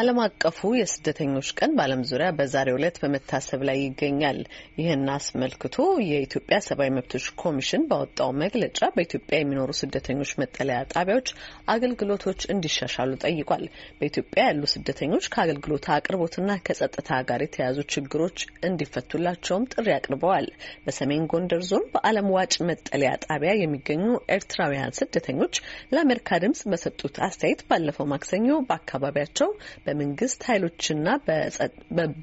ዓለም አቀፉ የስደተኞች ቀን በዓለም ዙሪያ በዛሬው ዕለት በመታሰብ ላይ ይገኛል። ይህን አስመልክቶ የኢትዮጵያ ሰብአዊ መብቶች ኮሚሽን ባወጣው መግለጫ በኢትዮጵያ የሚኖሩ ስደተኞች መጠለያ ጣቢያዎች አገልግሎቶች እንዲሻሻሉ ጠይቋል። በኢትዮጵያ ያሉ ስደተኞች ከአገልግሎት አቅርቦትና ከጸጥታ ጋር የተያያዙ ችግሮች እንዲፈቱላቸውም ጥሪ አቅርበዋል። በሰሜን ጎንደር ዞን በዓለም ዋጭ መጠለያ ጣቢያ የሚገኙ ኤርትራውያን ስደተኞች ለአሜሪካ ድምጽ በሰጡት አስተያየት ባለፈው ማክሰኞ በአካባቢያቸው በመንግስት ኃይሎችና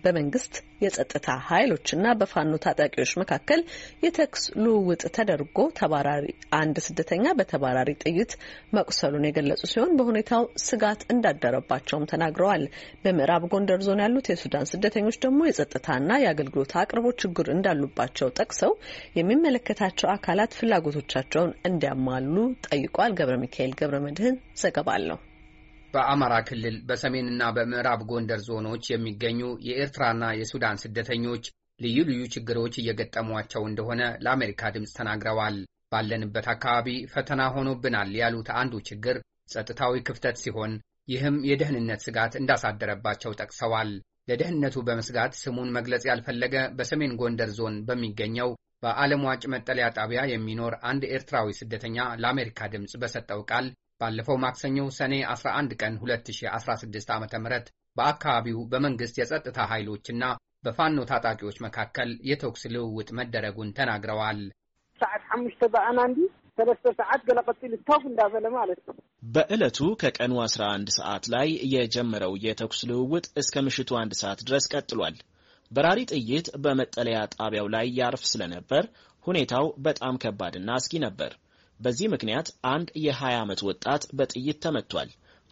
በመንግስት የጸጥታ ኃይሎችና በፋኖ ታጣቂዎች መካከል የተኩስ ልውውጥ ተደርጎ ተባራሪ አንድ ስደተኛ በተባራሪ ጥይት መቁሰሉን የገለጹ ሲሆን በሁኔታው ስጋት እንዳደረባቸውም ተናግረዋል። በምዕራብ ጎንደር ዞን ያሉት የሱዳን ስደተኞች ደግሞ የጸጥታና የአገልግሎት አቅርቦት ችግር እንዳሉባቸው ጠቅሰው የሚመለከታቸው አካላት ፍላጎቶቻቸውን እንዲያሟሉ ጠይቋል። ገብረ ሚካኤል ገብረ መድህን ዘገባ አለው። በአማራ ክልል በሰሜንና በምዕራብ ጎንደር ዞኖች የሚገኙ የኤርትራና የሱዳን ስደተኞች ልዩ ልዩ ችግሮች እየገጠሟቸው እንደሆነ ለአሜሪካ ድምፅ ተናግረዋል። ባለንበት አካባቢ ፈተና ሆኖብናል ያሉት አንዱ ችግር ጸጥታዊ ክፍተት ሲሆን ይህም የደህንነት ስጋት እንዳሳደረባቸው ጠቅሰዋል። ለደህንነቱ በመስጋት ስሙን መግለጽ ያልፈለገ በሰሜን ጎንደር ዞን በሚገኘው በዓለም ዋጭ መጠለያ ጣቢያ የሚኖር አንድ ኤርትራዊ ስደተኛ ለአሜሪካ ድምፅ በሰጠው ቃል ባለፈው ማክሰኞ ሰኔ 11 ቀን 2016 ዓ ም በአካባቢው በመንግሥት የጸጥታ ኃይሎችና በፋኖ ታጣቂዎች መካከል የተኩስ ልውውጥ መደረጉን ተናግረዋል። ሰዓት ሓሙሽተ በአና እንዲ ሰለስተ ሰዓት ገለ ቀጢል ተፍ እንዳበለ ማለት ነው። በዕለቱ ከቀኑ 11 ሰዓት ላይ የጀመረው የተኩስ ልውውጥ እስከ ምሽቱ አንድ ሰዓት ድረስ ቀጥሏል። በራሪ ጥይት በመጠለያ ጣቢያው ላይ ያርፍ ስለነበር ሁኔታው በጣም ከባድና አስጊ ነበር። በዚህ ምክንያት አንድ የ20 ዓመት ወጣት በጥይት ተመቷል።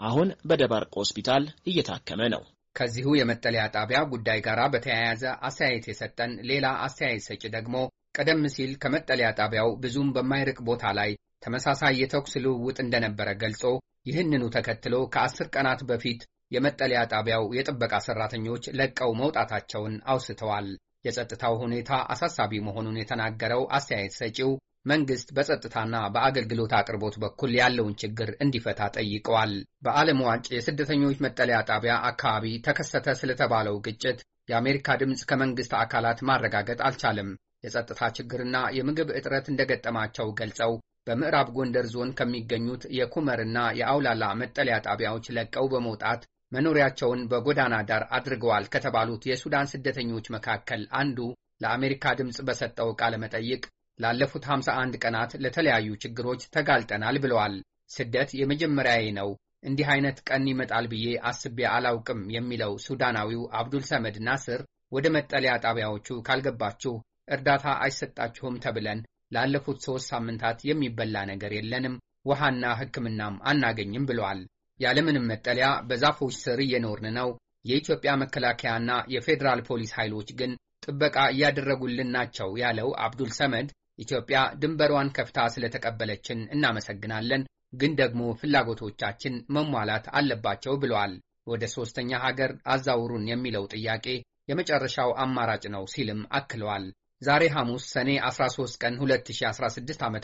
አሁን በደባርቅ ሆስፒታል እየታከመ ነው። ከዚሁ የመጠለያ ጣቢያ ጉዳይ ጋር በተያያዘ አስተያየት የሰጠን ሌላ አስተያየት ሰጪ ደግሞ ቀደም ሲል ከመጠለያ ጣቢያው ብዙም በማይርቅ ቦታ ላይ ተመሳሳይ የተኩስ ልውውጥ እንደነበረ ገልጾ ይህንኑ ተከትሎ ከአስር ቀናት በፊት የመጠለያ ጣቢያው የጥበቃ ሰራተኞች ለቀው መውጣታቸውን አውስተዋል። የጸጥታው ሁኔታ አሳሳቢ መሆኑን የተናገረው አስተያየት ሰጪው መንግስት በጸጥታና በአገልግሎት አቅርቦት በኩል ያለውን ችግር እንዲፈታ ጠይቀዋል። በዓለም ዋንጭ የስደተኞች መጠለያ ጣቢያ አካባቢ ተከሰተ ስለተባለው ግጭት የአሜሪካ ድምፅ ከመንግስት አካላት ማረጋገጥ አልቻለም። የጸጥታ ችግርና የምግብ እጥረት እንደገጠማቸው ገልጸው በምዕራብ ጎንደር ዞን ከሚገኙት የኩመርና የአውላላ መጠለያ ጣቢያዎች ለቀው በመውጣት መኖሪያቸውን በጎዳና ዳር አድርገዋል ከተባሉት የሱዳን ስደተኞች መካከል አንዱ ለአሜሪካ ድምፅ በሰጠው ቃለ መጠይቅ ላለፉት 51 ቀናት ለተለያዩ ችግሮች ተጋልጠናል ብለዋል። ስደት የመጀመሪያዬ ነው፣ እንዲህ አይነት ቀን ይመጣል ብዬ አስቤ አላውቅም የሚለው ሱዳናዊው አብዱል ሰመድ ናስር ወደ መጠለያ ጣቢያዎቹ ካልገባችሁ እርዳታ አይሰጣችሁም ተብለን ላለፉት ሦስት ሳምንታት የሚበላ ነገር የለንም፣ ውሃና ሕክምናም አናገኝም ብለዋል። ያለምንም መጠለያ በዛፎች ስር እየኖርን ነው። የኢትዮጵያ መከላከያና የፌዴራል ፖሊስ ኃይሎች ግን ጥበቃ እያደረጉልን ናቸው ያለው አብዱል ሰመድ ኢትዮጵያ ድንበሯን ከፍታ ስለተቀበለችን እናመሰግናለን፣ ግን ደግሞ ፍላጎቶቻችን መሟላት አለባቸው ብለዋል። ወደ ሦስተኛ ሀገር አዛውሩን የሚለው ጥያቄ የመጨረሻው አማራጭ ነው ሲልም አክለዋል። ዛሬ ሐሙስ ሰኔ 13 ቀን 2016 ዓ ም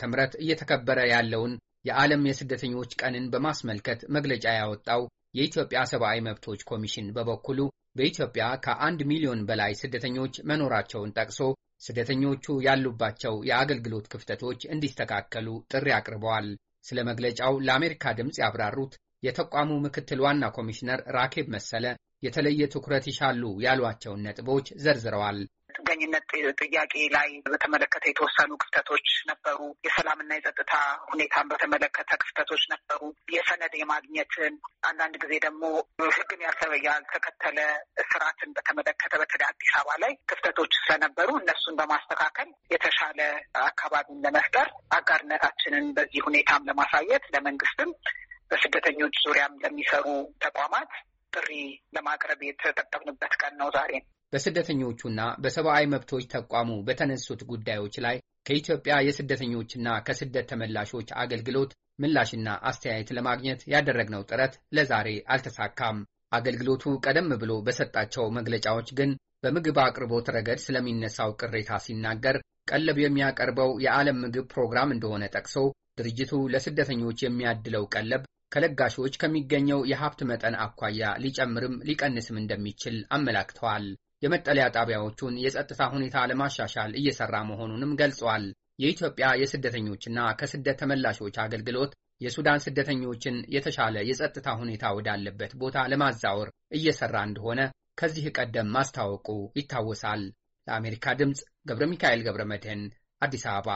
እየተከበረ ያለውን የዓለም የስደተኞች ቀንን በማስመልከት መግለጫ ያወጣው የኢትዮጵያ ሰብአዊ መብቶች ኮሚሽን በበኩሉ በኢትዮጵያ ከአንድ ሚሊዮን በላይ ስደተኞች መኖራቸውን ጠቅሶ ስደተኞቹ ያሉባቸው የአገልግሎት ክፍተቶች እንዲስተካከሉ ጥሪ አቅርበዋል። ስለ መግለጫው ለአሜሪካ ድምፅ ያብራሩት የተቋሙ ምክትል ዋና ኮሚሽነር ራኬብ መሰለ የተለየ ትኩረት ይሻሉ ያሏቸውን ነጥቦች ዘርዝረዋል። የሽብርተኝነት ጥያቄ ላይ በተመለከተ የተወሰኑ ክፍተቶች ነበሩ። የሰላምና የጸጥታ ሁኔታን በተመለከተ ክፍተቶች ነበሩ። የሰነድ የማግኘትን አንዳንድ ጊዜ ደግሞ ሕግን ያሰበ ያልተከተለ ስርዓትን በተመለከተ በተለይ አዲስ አበባ ላይ ክፍተቶች ስለነበሩ እነሱን በማስተካከል የተሻለ አካባቢን ለመፍጠር አጋርነታችንን በዚህ ሁኔታም ለማሳየት ለመንግስትም በስደተኞች ዙሪያም ለሚሰሩ ተቋማት ጥሪ ለማቅረብ የተጠቀምንበት ቀን ነው ዛሬ። በስደተኞቹና በሰብአዊ መብቶች ተቋሙ በተነሱት ጉዳዮች ላይ ከኢትዮጵያ የስደተኞችና ከስደት ተመላሾች አገልግሎት ምላሽና አስተያየት ለማግኘት ያደረግነው ጥረት ለዛሬ አልተሳካም። አገልግሎቱ ቀደም ብሎ በሰጣቸው መግለጫዎች ግን በምግብ አቅርቦት ረገድ ስለሚነሳው ቅሬታ ሲናገር ቀለብ የሚያቀርበው የዓለም ምግብ ፕሮግራም እንደሆነ ጠቅሶ ድርጅቱ ለስደተኞች የሚያድለው ቀለብ ከለጋሾች ከሚገኘው የሀብት መጠን አኳያ ሊጨምርም ሊቀንስም እንደሚችል አመላክተዋል። የመጠለያ ጣቢያዎቹን የጸጥታ ሁኔታ ለማሻሻል እየሰራ መሆኑንም ገልጿል። የኢትዮጵያ የስደተኞችና ከስደት ተመላሾች አገልግሎት የሱዳን ስደተኞችን የተሻለ የጸጥታ ሁኔታ ወዳለበት ቦታ ለማዛወር እየሰራ እንደሆነ ከዚህ ቀደም ማስታወቁ ይታወሳል። ለአሜሪካ ድምፅ ገብረ ሚካኤል ገብረ መድህን አዲስ አበባ